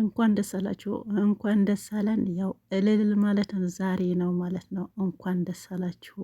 እንኳን ደስ አላችሁ፣ እንኳን ደስ አለን። ያው እልል ማለት ዛሬ ነው ማለት ነው። እንኳን ደስ አላችሁ።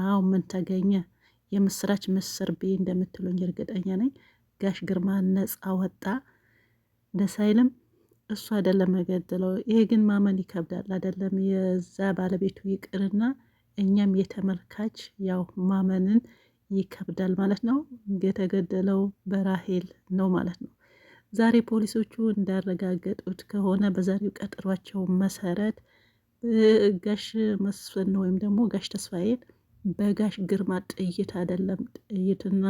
አዎ ምን ተገኘ? የምስራች ምስር ቤ እንደምትሉኝ እርግጠኛ ነኝ። ጋሽ ግርማ ነጻ ወጣ። ደስ አይልም? እሱ አይደለም የገደለው። ይሄ ግን ማመን ይከብዳል። አይደለም የዛ ባለቤቱ ይቅርና እኛም የተመልካች ያው ማመንን ይከብዳል ማለት ነው። የተገደለው በራሄል ነው ማለት ነው። ዛሬ ፖሊሶቹ እንዳረጋገጡት ከሆነ በዛሬው ቀጠሯቸው መሰረት ጋሽ መስፍን ወይም ደግሞ ጋሽ ተስፋዬን በጋሽ ግርማ ጥይት አይደለም ጥይትና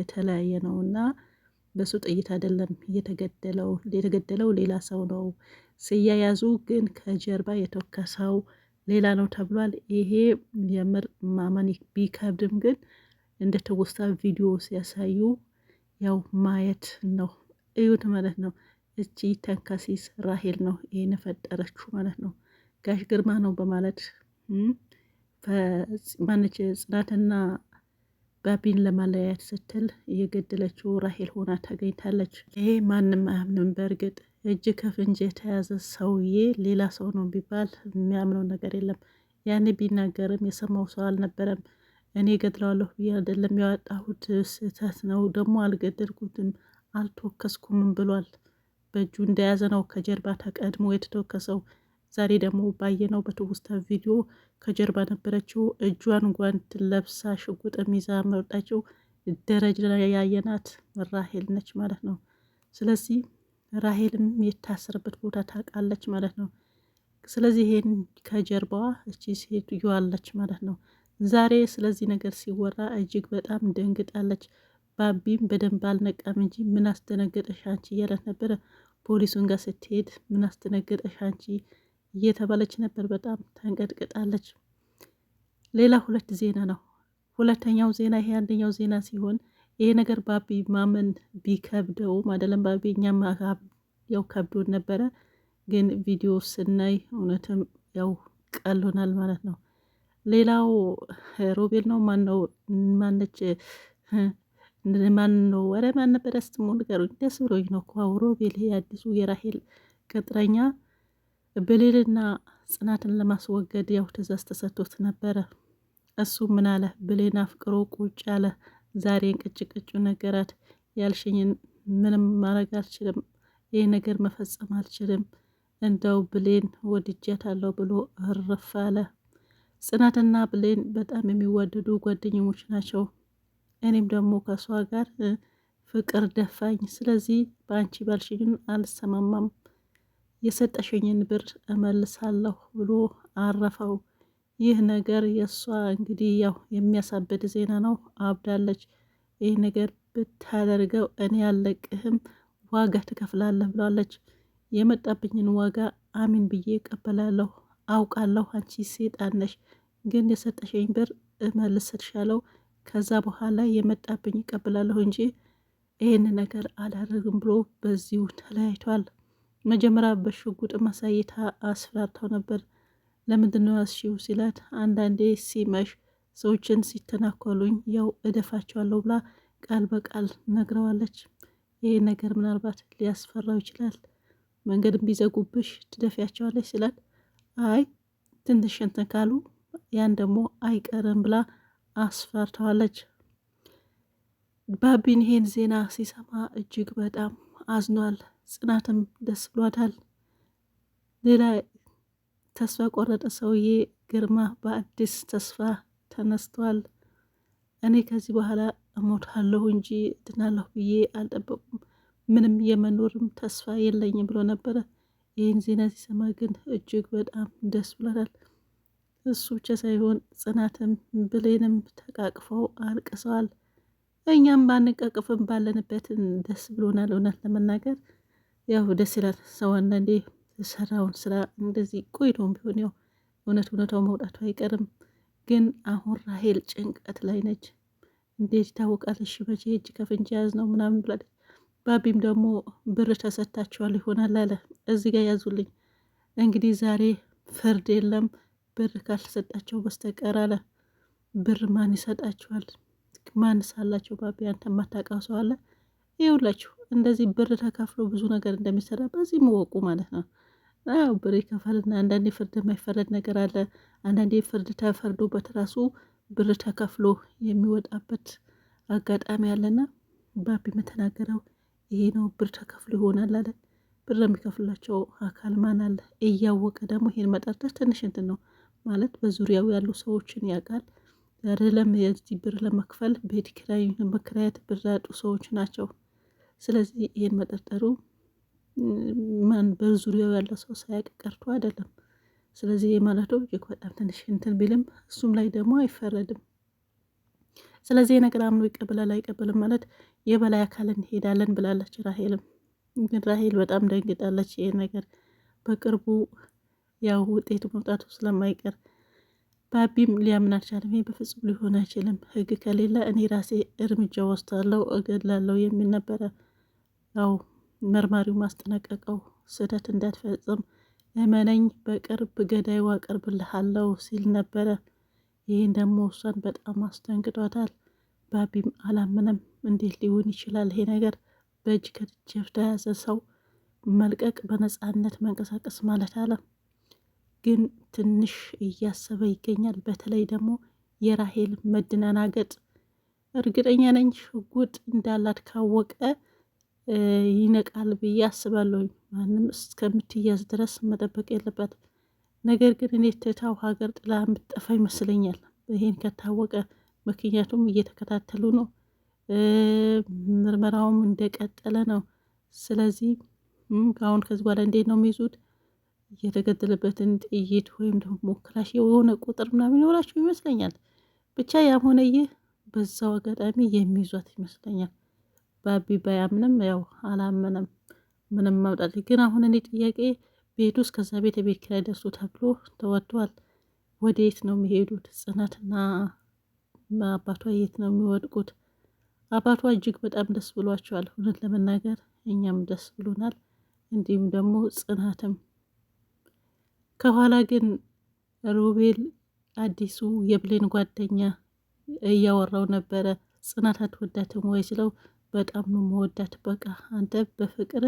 የተለያየ ነው እና በሱ ጥይት አይደለም የተገደለው የተገደለው ሌላ ሰው ነው። ሲያያዙ ግን ከጀርባ የተወከሰው ሌላ ነው ተብሏል። ይሄ የምር ማመን ቢከብድም ግን እንደ ትውስታ ቪዲዮ ሲያሳዩ ያው ማየት ነው እዩት ማለት ነው። እቺ ተንከሲስ ራሄል ነው ይህን ፈጠረችው ማለት ነው። ጋሽ ግርማ ነው በማለት ማነች ጽናትና ባቢን ለማለያየት ስትል እየገደለችው ራሄል ሆና ታገኝታለች። ይሄ ማንም አያምንም። በእርግጥ እጅ ከፍንጅ የተያዘ ሰውዬ ሌላ ሰው ነው ቢባል የሚያምነው ነገር የለም። ያኔ ቢናገርም የሰማው ሰው አልነበረም። እኔ ገድለዋለሁ ብዬ አይደለም ያወጣሁት ስህተት ነው፣ ደግሞ አልገደልኩትም አልተወከስኩምም ብሏል። በእጁ እንደያዘ ነው ከጀርባ ተቀድሞ የተተወከሰው። ዛሬ ደግሞ ባየነው በትውስታ ቪዲዮ ከጀርባ ነበረችው፣ እጇን ጓንት ለብሳ ሽጉጥም ይዛ መርጣችው ደረጃ ላይ ያየናት ራሄል ነች ማለት ነው። ስለዚህ ራሄልም የታሰረበት ቦታ ታውቃለች ማለት ነው። ስለዚህ ይሄን ከጀርባዋ እቺ ሴትዮዋ አለች ማለት ነው። ዛሬ ስለዚህ ነገር ሲወራ እጅግ በጣም ደንግጣለች። ባቢም በደንብ አልነቃም እንጂ ምን አስደነገጠሽ አንቺ እያለት ነበረ። ፖሊሱን ጋር ስትሄድ ምን አስደነገጠሽ አንቺ እየተባለች ነበር። በጣም ተንቀጥቅጣለች። ሌላ ሁለት ዜና ነው። ሁለተኛው ዜና ይሄ አንደኛው ዜና ሲሆን ይሄ ነገር ባቢ ማመን ቢከብደውም አይደለም ባቢ እኛም ያው ከብዶን ነበረ፣ ግን ቪዲዮ ስናይ እውነትም ያው ቀሎናል ማለት ነው። ሌላው ሮቤል ነው ማነው ማነች ማን ነው ወረ ማን ነበር ስትሞ ንገሩኝ። ደስ ብሎኝ ነው እኮ አውሮ አዲሱ የራሄል ቅጥረኛ ብሌልና ጽናትን ለማስወገድ ያው ትእዛዝ ተሰጥቶት ነበረ። እሱ ምን አለ ብሌን አፍቅሮ ቁጭ አለ። ዛሬን ቅጭ ቅጩ ነገራት። ያልሽኝን ምንም ማድረግ አልችልም፣ ይህ ነገር መፈጸም አልችልም፣ እንደው ብሌን ወድጃታለሁ ብሎ እርፍ አለ። ጽናትና ብሌን በጣም የሚዋደዱ ጓደኞች ናቸው። እኔም ደግሞ ከእሷ ጋር ፍቅር ደፋኝ። ስለዚህ በአንቺ ባልሽኝን አልሰማማም፣ የሰጠሽኝን ብር እመልሳለሁ ብሎ አረፈው። ይህ ነገር የእሷ እንግዲህ ያው የሚያሳብድ ዜና ነው። አብዳለች። ይህ ነገር ብታደርገው እኔ ያለቅህም ዋጋ ትከፍላለህ ብላለች። የመጣብኝን ዋጋ አሚን ብዬ እቀበላለሁ። አውቃለሁ አንቺ ሴጣን ነሽ፣ ግን የሰጠሽኝ ብር እመልስልሻለሁ ከዛ በኋላ የመጣብኝ ይቀብላለሁ እንጂ ይህን ነገር አላደርግም ብሎ በዚሁ ተለያይቷል። መጀመሪያ በሽጉጥ ማሳየት አስፈራርተው ነበር። ለምንድነው ነው ያስሺው ሲላት፣ አንዳንዴ ሲመሽ ሰዎችን ሲተናከሉኝ ያው እደፋቸዋለሁ ብላ ቃል በቃል ነግረዋለች። ይህ ነገር ምናልባት ሊያስፈራው ይችላል፣ መንገድም ቢዘጉብሽ ትደፊያቸዋለች ሲላት፣ አይ ትንሽ እንትን ካሉ ያን ደግሞ አይቀርም ብላ አስፈርተዋለች። ባቢን ይሄን ዜና ሲሰማ እጅግ በጣም አዝኗል። ጽናትም ደስ ብሏታል። ሌላ ተስፋ ቆረጠ ሰውዬ ግርማ በአዲስ ተስፋ ተነስቷል። እኔ ከዚህ በኋላ እሞታለሁ እንጂ ድናለሁ ብዬ አልጠበቁም። ምንም የመኖርም ተስፋ የለኝም ብሎ ነበረ። ይህን ዜና ሲሰማ ግን እጅግ በጣም ደስ ብሏታል። እሱ ብቻ ሳይሆን ጽናትም ብሌንም ተቃቅፈው አልቅሰዋል። እኛም ባንቃቅፍም ባለንበት ደስ ብሎናል። እውነት ለመናገር ያው ደስ ይላል። ሰው አንዳንዴ የሰራውን ስራ እንደዚህ ቆይቶም ቢሆን ያው እውነት እውነታው መውጣቱ አይቀርም። ግን አሁን ራሄል ጭንቀት ላይ ነች። እንዴት ይታወቃል? እሺ መቼ እጅ ከፍንጅ ያዝ ነው ምናምን ብላለች። ባቢም ደግሞ ብር ተሰጥታችኋል ይሆናል አለ። እዚህ ጋር ያዙልኝ እንግዲህ ዛሬ ፍርድ የለም ብር ካልተሰጣቸው በስተቀር አለ ብር ማን ይሰጣችኋል? ማን ሳላቸው ባቢ አንተ የማታውቀው ሰው አለ? ይኸውላችሁ እንደዚህ ብር ተከፍሎ ብዙ ነገር እንደሚሰራ በዚህ መወቁ ማለት ነው። ያው ብር ይከፈልና አንዳንዴ ፍርድ የማይፈረድ ነገር አለ። አንዳንዴ ፍርድ ተፈርዶበት ራሱ ብር ተከፍሎ የሚወጣበት አጋጣሚ አለና ባቢ የምተናገረው ይሄ ነው። ብር ተከፍሎ ይሆናል አለ። ብር የሚከፍላቸው አካል ማን አለ? እያወቀ ደግሞ ይሄን መጠርጠር ትንሽ እንትን ነው። ማለት በዙሪያው ያሉ ሰዎችን ያውቃል። የዚህ ብር ለመክፈል ቤት ኪራይ ለመከራየት ብር ያጡ ሰዎች ናቸው። ስለዚህ ይህን መጠርጠሩ ማን በዙሪያው ያለ ሰው ሳያውቅ ቀርቶ አይደለም። ስለዚህ ይህ ማለቱ እጅግ በጣም ትንሽ እንትን ቢልም እሱም ላይ ደግሞ አይፈረድም። ስለዚህ ነገር አምኖ ይቀበላል አይቀበልም ማለት የበላይ አካል እንሄዳለን ብላለች ራሄልም። ግን ራሄል በጣም ደንግጣለች። ይሄ ነገር በቅርቡ ያው ውጤቱ መውጣቱ ስለማይቀር ባቢም ሊያምን አልቻለም። ይህ በፍጹም ሊሆን አይችልም፣ ህግ ከሌለ እኔ ራሴ እርምጃ ወስዳለው፣ እገድላለው የሚል ነበረ። ያው መርማሪው ማስጠነቀቀው ስህተት እንዳትፈጽም እመነኝ፣ በቅርብ ገዳይዋ አቀርብልሃለው ሲል ነበረ። ይህን ደግሞ እሷን በጣም አስደንግጧታል። ባቢም አላምንም፣ እንዴት ሊሆን ይችላል ይሄ ነገር? በእጅ ከፍንጅ የተያዘ ሰው መልቀቅ በነፃነት መንቀሳቀስ ማለት አለ። ግን ትንሽ እያሰበ ይገኛል። በተለይ ደግሞ የራሄል መድናናገጥ እርግጠኛ ነኝ ሽጉጥ እንዳላት ካወቀ ይነቃል ብዬ አስባለሁ። ማንም እስከምትያዝ ድረስ መጠበቅ የለባትም። ነገር ግን እኔ ትታው ሀገር ጥላ የምትጠፋ ይመስለኛል፣ ይሄን ከታወቀ። ምክንያቱም እየተከታተሉ ነው፣ ምርመራውም እንደቀጠለ ነው። ስለዚህ አሁን ከዚህ በኋላ እንዴት ነው የሚይዙት? የተገደለበትን ጥይት ወይም ደግሞ ክላሽ የሆነ ቁጥር ምናምን ይኖራቸው ይመስለኛል። ብቻ ያም ሆነ ይህ በዛው አጋጣሚ የሚይዟት ይመስለኛል። ባቢ ባያምንም ያው አላመነም ምንም ማምጣት ግን አሁን እኔ ጥያቄ ቤቱ ውስጥ ከዛ ቤት ቤት ኪራይ ደርሶ ተብሎ ተወዷል። ወዴት ነው የሚሄዱት? ጽናትና አባቷ የት ነው የሚወድቁት? አባቷ እጅግ በጣም ደስ ብሏቸዋል። እውነት ለመናገር እኛም ደስ ብሎናል። እንዲሁም ደግሞ ጽናትም ከኋላ ግን ሮቤል አዲሱ የብሌን ጓደኛ እያወራው ነበረ። ጽናት አትወዳትም ወይ ስለው በጣም ነው መወዳት። በቃ አንተ በፍቅር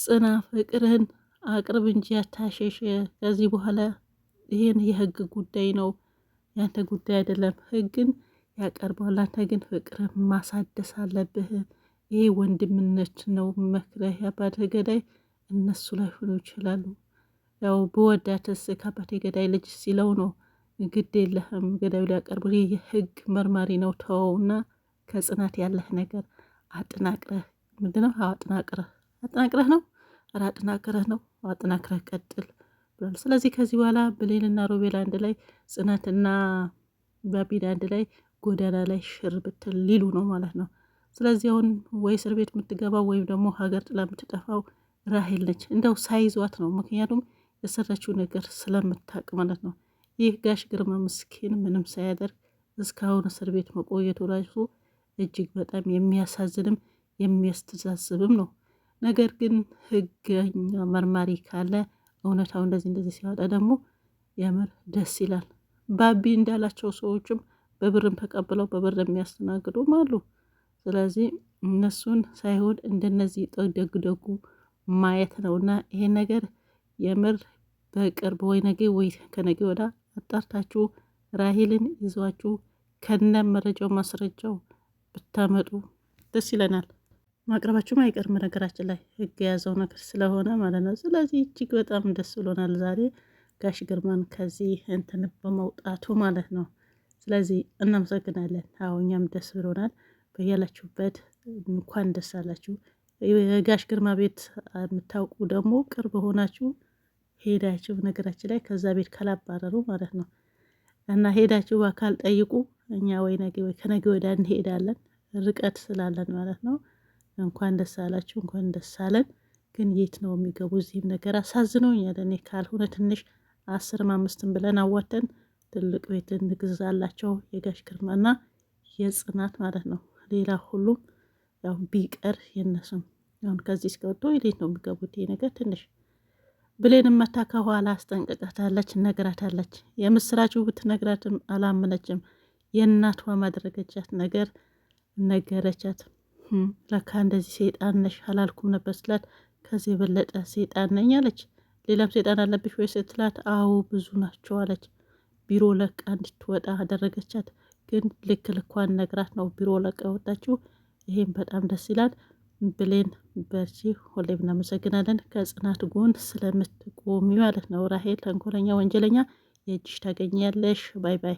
ጽና፣ ፍቅርህን አቅርብ እንጂ ያታሸሽ። ከዚህ በኋላ ይህን የህግ ጉዳይ ነው ያንተ ጉዳይ አይደለም። ህግን ያቀርበዋል አንተ ግን ፍቅርህ ማሳደስ አለብህ። ይሄ ወንድምነት ነው። መክረህ ያባደ ላይ እነሱ ላይ ሆኖ ይችላሉ ያው በወዳትስ ከአባቴ ገዳይ ልጅ ሲለው ነው። ግድ የለህም ገዳዩ ሊያቀርቡ የህግ መርማሪ ነው ተወውና፣ ከጽናት ያለህ ነገር አጥናቅረህ ምንድነው አጥናቅረህ አጥናቅረህ ነው አጥናቅረህ ነው አጥናቅረህ ቀጥል ብሏል። ስለዚህ ከዚህ በኋላ ብሌንና ሮቤል አንድ ላይ ጽናትና ባቢን አንድ ላይ ጎዳና ላይ ሽር ብትል ሊሉ ነው ማለት ነው። ስለዚህ አሁን ወይ እስር ቤት የምትገባው ወይም ደግሞ ሀገር ጥላ የምትጠፋው ራሄል ነች። እንደው ሳይዟት ነው ምክንያቱም የሰራችው ነገር ስለምታቅ ማለት ነው። ይህ ጋሽ ግርማ ምስኪን ምንም ሳያደርግ እስካሁን እስር ቤት መቆየቱ ራሱ እጅግ በጣም የሚያሳዝንም የሚያስተዛዝብም ነው። ነገር ግን ህገኛ መርማሪ ካለ እውነታው እንደዚህ እንደዚህ ሲወጣ ደግሞ የምር ደስ ይላል። ባቢ እንዳላቸው ሰዎችም በብርም ተቀብለው በብር የሚያስተናግዱም አሉ። ስለዚህ እነሱን ሳይሆን እንደነዚህ ጠደግደጉ ማየት ነው እና ይሄ ነገር የምር በቅርብ ወይ ነገ ወይ ከነገ ወዳ አጣርታችሁ ራሂልን ይዟችሁ ከነ መረጃው ማስረጃው ብታመጡ ደስ ይለናል። ማቅረባችሁም አይቀርም ነገራችን ላይ ህግ የያዘው ነገር ስለሆነ ማለት ነው። ስለዚህ እጅግ በጣም ደስ ብሎናል ዛሬ ጋሽ ግርማን ከዚህ እንትን በመውጣቱ ማለት ነው። ስለዚህ እናመሰግናለን። አዎ እኛም ደስ ብሎናል። በያላችሁበት እንኳን ደስ አላችሁ። የጋሽ ግርማ ቤት የምታውቁ ደግሞ ቅርብ ሆናችሁ ሄዳችሁ ነገራችን ላይ ከዛ ቤት ካላባረሩ ማለት ነው እና ሄዳችሁ በአካል ጠይቁ። እኛ ወይ ነገ ወይ ከነገ ወዲያ እንሄዳለን ርቀት ስላለን ማለት ነው። እንኳን ደስ አላችሁ፣ እንኳን ደስ አለን። ግን የት ነው የሚገቡ? እዚህም ነገር አሳዝነውኛል። እኔ ካልሆነ ትንሽ አስርም አምስትም ብለን አዋተን ትልቅ ቤት እንግዛላቸው የጋሽ ግርማና የጽናት ማለት ነው። ሌላ ሁሉም ያው ቢቀር የነሱም አሁን ከዚህ እስከወጥቶ የት ነው የሚገቡት? ይሄ ነገር ትንሽ ብሌን መታ ከኋላ አስጠንቅቀታለች፣ ነግራታለች። የምስራች ብትነግራትም አላመነችም። የእናቷ ማድረገቻት ነገር ነገረቻት። ለካ እንደዚህ ሴጣን ነሽ አላልኩም ነበር ስላት፣ ከዚህ የበለጠ ሴጣን ነኝ አለች። ሌላም ሴጣን አለብሽ ወይ ስትላት፣ አዎ ብዙ ናቸው አለች። ቢሮ ለቃ እንድትወጣ አደረገቻት። ግን ልክ ልኳን ነግራት ነው ቢሮ ለቃ ወጣችው። ይሄም በጣም ደስ ይላል። ብሌን በርቺ፣ ሁሌም እናመሰግናለን ከጽናት ጎን ስለምትቆሚ ማለት ነው። ራሄል ተንኮለኛ፣ ወንጀለኛ የእጅሽ ታገኛለሽ። ባይ ባይ።